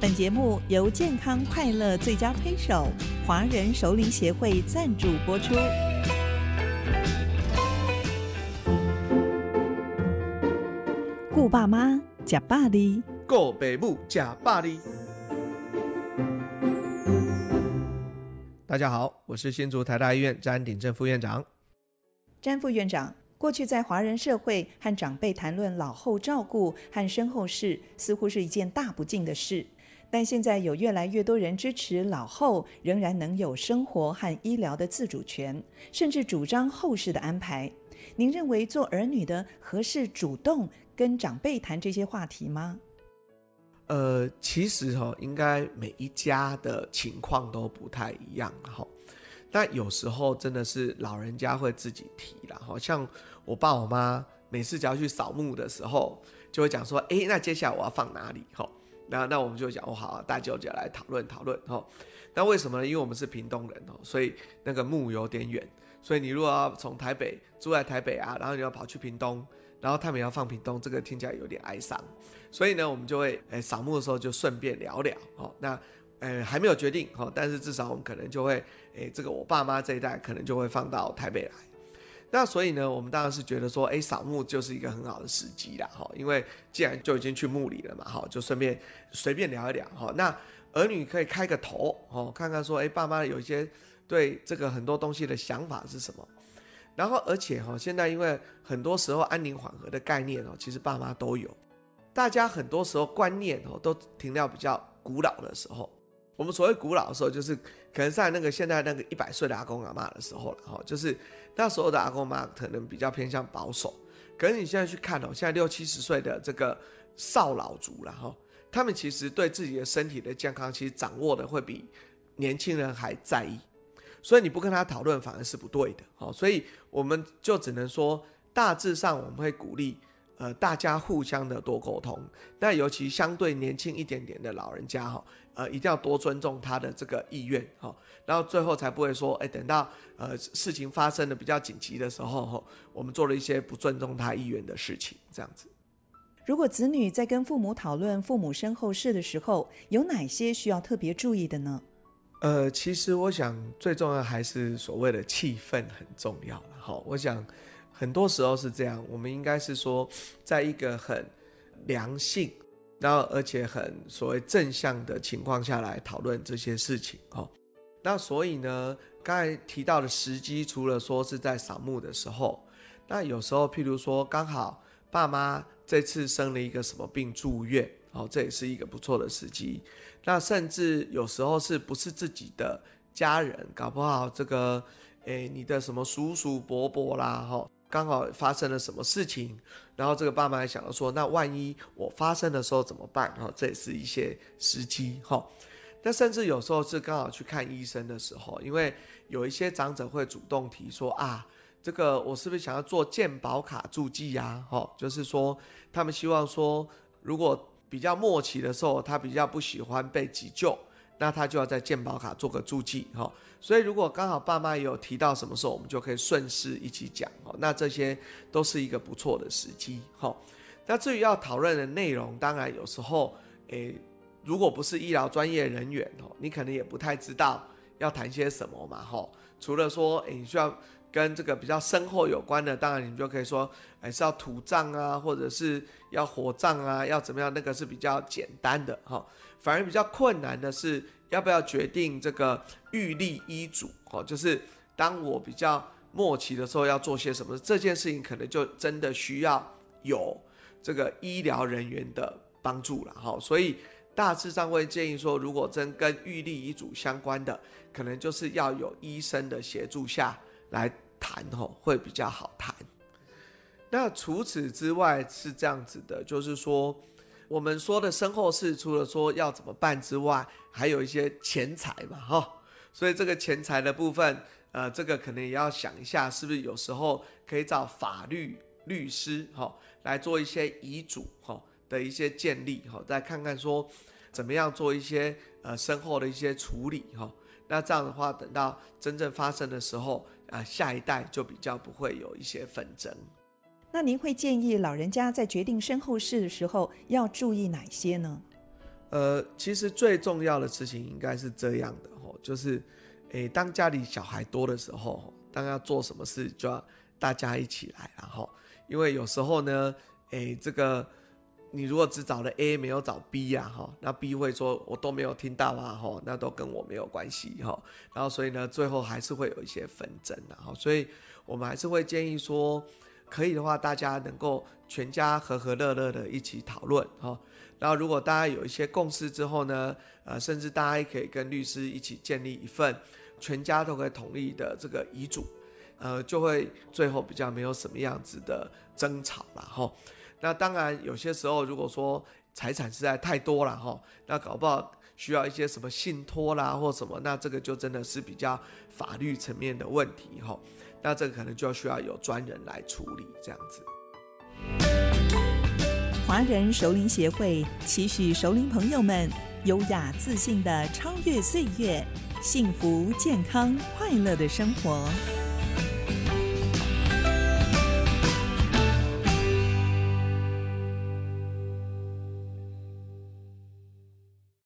本節目由健康快樂最佳推手、華人首領協會贊助播出。顧爸媽，吃百里，顧爸母，吃百里。大家好，我是新竹台大醫院詹鼎正副院長。詹副院長，過去在華人社會和長輩談論老後照顧和身後事，似乎是一件大不敬的事。但現在有越來越多人支持老後仍然能有生活和醫療的自主權，甚至主張後事的安排。您認為做兒女的合適主動跟長輩談這些話題嗎？呃，其實哈、哦，應該每一家的情況都不太一樣哈、哦。但有時候真的是老人家會自己提了，好、哦、像我爸我媽每次只要去掃墓的時候，就會講說：“哎，那接下來我要放哪裡？”哈、哦。那那我們就講我、哦、好、啊、大家就來討論討論吼。那為什麼呢？因為我們是屏東人哦，所以那個墓有點遠，所以你如果要從台北住在台北啊，然後你要跑去屏東，然後他們要放屏東，這個聽起來有點哀傷。所以呢，我們就會誒掃、欸、墓的時候就順便聊聊哦。那誒、呃、還沒有決定哦，但是至少我們可能就會誒、欸、這個我爸媽這一代可能就會放到台北來。那所以呢，我們當然是覺得說，哎，掃墓就是一個很好的時機啦，哈，因為既然就已經去墓裡了嘛，哈，就順便隨便聊一聊，哈，那兒女可以開個頭，哈，看看說，哎，爸媽有一些對這個很多東西的想法是什麼，然後而且哈，現在因為很多時候安寧緩和的概念哦，其實爸媽都有，大家很多時候觀念哦都停掉比較古老的時候，我們所謂古老的時候就是。可能在那個現在那個一百歲的阿公阿媽的時候了哈，就是那時候的阿公媽可能比較偏向保守。可是你現在去看哦，現在六七十歲的這個少老族了哈，他們其實對自己的身體的健康其實掌握的會比年輕人還在意，所以你不跟他討論反而是不對的哦。所以我們就只能說大致上我們會鼓勵呃大家互相的多溝通，但尤其相對年輕一點點的老人家哈。呃，一定要多尊重他的這個意願哈，哦，然後最後才不會說，哎，等到呃事情發生的比較緊急的時候，哦，我們做了一些不尊重他意願的事情，這樣子。如果子女在跟父母討論父母身後事的時候，有哪些需要特別注意的呢？呃，其實我想最重要還是所謂的氣氛很重要了，哦，我想很多時候是這樣，我們應該是說在一個很良性。然後，而且很所謂正向的情況下來討論這些事情哦。那所以呢，剛才提到的時機，除了說是在掃墓的時候，那有時候譬如說剛好爸媽這次生了一個什麼病住院，哦，這也是一個不錯的時機。那甚至有時候是不是自己的家人，搞不好這個，誒，你的什麼叔叔伯伯啦，哈、哦。剛好發生了什麼事情，然後這個爸媽還想到說，那萬一我發生的時候怎麼辦？哦，這也是一些時機哈、哦。但甚至有時候是剛好去看醫生的時候，因為有一些長者會主動提說啊，這個我是不是想要做健保卡註記呀、啊？哈、哦，就是說他們希望說，如果比較末期的時候，他比較不喜歡被急救。那他就要在健保卡做個註記，哈、哦，所以如果剛好爸媽也有提到什麼時候，我們就可以順勢一起講，哦，那這些都是一個不錯的時機，哈、哦。那至於要討論的內容，當然有時候，誒、欸，如果不是醫療專業人員，哦，你可能也不太知道要談些什麼嘛，哈、哦。除了說，誒、欸，你需要。跟這個比較身後有關的，當然你就可以說，還是要土葬啊，或者是要火葬啊，要怎麼樣？那個是比較簡單的哈、哦，反而比較困難的是要不要決定這個預立遺囑哈，就是當我比較末期的時候要做些什麼，這件事情可能就真的需要有這個醫療人員的幫助了哈、哦。所以大致上會建議說，如果真跟預立遺囑相關的，可能就是要有醫生的協助下來談吼會比較好談，那除此之外是這樣子的，就是說我們說的身後事，除了說要怎麼辦之外，還有一些錢財嘛哈、哦，所以這個錢財的部分，呃，這個可能也要想一下，是不是有時候可以找法律律師哈、哦、來做一些遺囑哈、哦、的一些建立哈、哦，再看看說怎麼樣做一些呃身後的一些處理哈、哦，那這樣的話，等到真正發生的時候。啊，下一代就比較不會有一些紛爭。那您會建議老人家在決定身後事的時候要注意哪些呢？呃，其實最重要的事情應該是這樣的哈，就是，誒、欸，當家裡小孩多的時候，當要做什麼事就要大家一起來，然後，因為有時候呢，誒、欸，這個。你如果只找了 A 沒有找 B 呀，哈，那 B 會說我都沒有聽到啊，哈，那都跟我沒有關係，哈。然後所以呢，最後還是會有一些紛爭的，哈。所以我們還是會建議說，可以的話，大家能夠全家和和樂樂的一起討論，哈。然後如果大家有一些共識之後呢，呃，甚至大家也可以跟律師一起建立一份全家都可以同意的這個遺囑，呃，就會最後比較沒有什麼樣子的爭吵了，哈。那當然，有些時候如果說財產實在太多了吼，那搞不好需要一些什麼信託啦，或什麼，那這個就真的是比較法律層面的問題吼。那這個可能就需要有專人來處理這樣子。華人熟齡協會期許熟齡朋友們優雅自信的超越歲月，幸福健康快樂的生活。